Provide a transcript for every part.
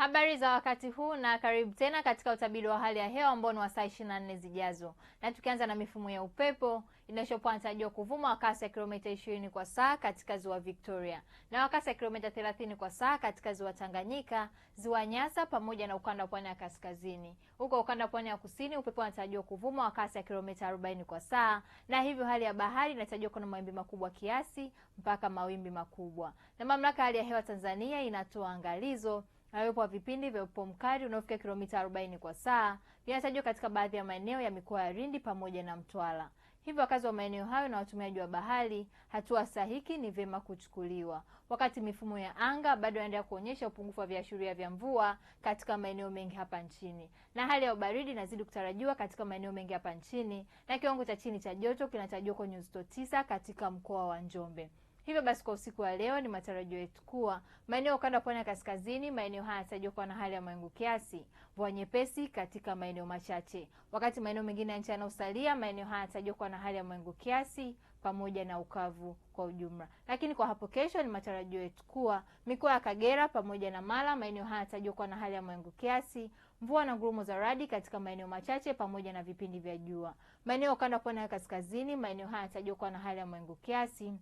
Habari za wakati huu na karibu tena katika utabiri wa hali ya hewa ambao ni wa saa 24 zijazo. Na tukianza na mifumo ya upepo inayokuwa inatarajiwa kuvuma kwa kasi ya kilomita 20 kwa saa katika ziwa Victoria na kwa kasi ya kilomita 30 kwa saa katika ziwa Tanganyika, ziwa Nyasa pamoja na ukanda wa pwani ya kaskazini. Huko ukanda wa pwani ya kusini upepo unatarajiwa kuvuma kwa kasi ya kilomita 40 kwa saa na hivyo hali ya bahari inatarajiwa kuna mawimbi makubwa kiasi mpaka mawimbi makubwa. Na mamlaka ya hali ya hewa Tanzania inatoa angalizo na wa vipindi vya upepo mkali unaofikia kilomita 40 kwa saa vinatajwa katika baadhi ya maeneo ya mikoa ya Lindi pamoja na Mtwara. Hivyo wakazi wa maeneo hayo na watumiaji wa bahari, hatua stahiki ni vyema kuchukuliwa. Wakati mifumo ya anga bado inaendelea kuonyesha upungufu wa viashiria vya mvua katika maeneo mengi hapa nchini, na hali ya ubaridi inazidi kutarajiwa katika maeneo mengi hapa nchini, na kiwango cha chini cha joto kinatarajiwa kwenye nyuzi joto tisa katika mkoa wa Njombe. Hivyo basi kwa usiku wa leo ni matarajio yetu kuwa maeneo ukanda wa pwani ya kaskazini, maeneo haya yatarajiwa kuwa na hali ya mawingu kiasi, mvua nyepesi katika maeneo machache, wakati maeneo mengine ya nchi yanayosalia, maeneo haya yatarajiwa kuwa na hali ya mawingu kiasi pamoja na ukavu kwa ujumla. Lakini kwa hapo kesho, ni matarajio yetu kuwa mikoa ya Kagera pamoja na Mara, maeneo haya yatarajiwa kuwa na hali ya mawingu kiasi, mvua na ngurumo za radi katika maeneo machache pamoja na vipindi vya jua. Maeneo ukanda wa pwani ya kaskazini, maeneo haya yatarajiwa kuwa na hali ya mawingu kiasi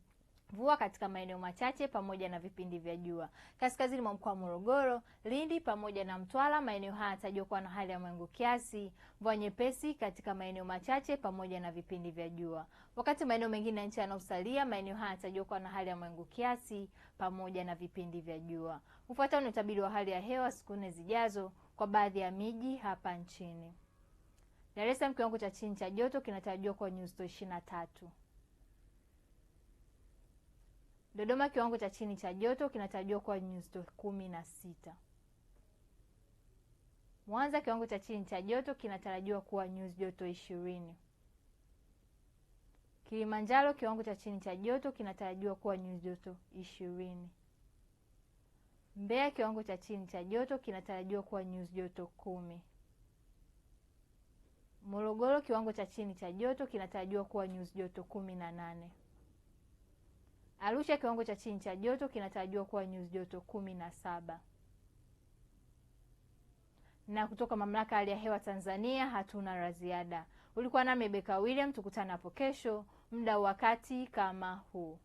Mvua katika maeneo machache pamoja na vipindi vya jua. Kaskazini mwa mkoa wa Morogoro, Lindi pamoja na Mtwara, maeneo haya yatajwa kuwa na hali ya mawingu kiasi, mvua nyepesi katika maeneo machache pamoja na vipindi vya jua. Wakati maeneo mengine ya nchi yanaosalia, maeneo haya yatajwa kuwa na hali ya mawingu kiasi pamoja na vipindi vya jua. Ufuatao ni utabiri wa hali ya hewa siku nne zijazo kwa baadhi ya miji hapa nchini. Dar es Salaam, kiwango cha chini cha joto kinatarajiwa kuwa nyuzi joto 23. Dodoma kiwango cha chini cha joto kinatarajiwa kuwa nyuzi joto kumi na sita. Mwanza kiwango cha chini cha joto kinatarajiwa kuwa nyuzi joto ishirini. Kilimanjaro kiwango cha chini cha joto kinatarajiwa kuwa nyuzi joto ishirini. Mbeya kiwango cha chini cha joto kinatarajiwa kuwa nyuzi joto kumi. Morogoro kiwango cha chini cha joto kinatarajiwa kuwa nyuzi joto kumi na nane. Arusha kiwango cha chini cha joto kinatarajiwa kuwa nyuzi joto kumi na saba. Na kutoka mamlaka hali ya hewa Tanzania hatuna la ziada. Ulikuwa nami Beka William, tukutana hapo kesho muda wakati kama huu.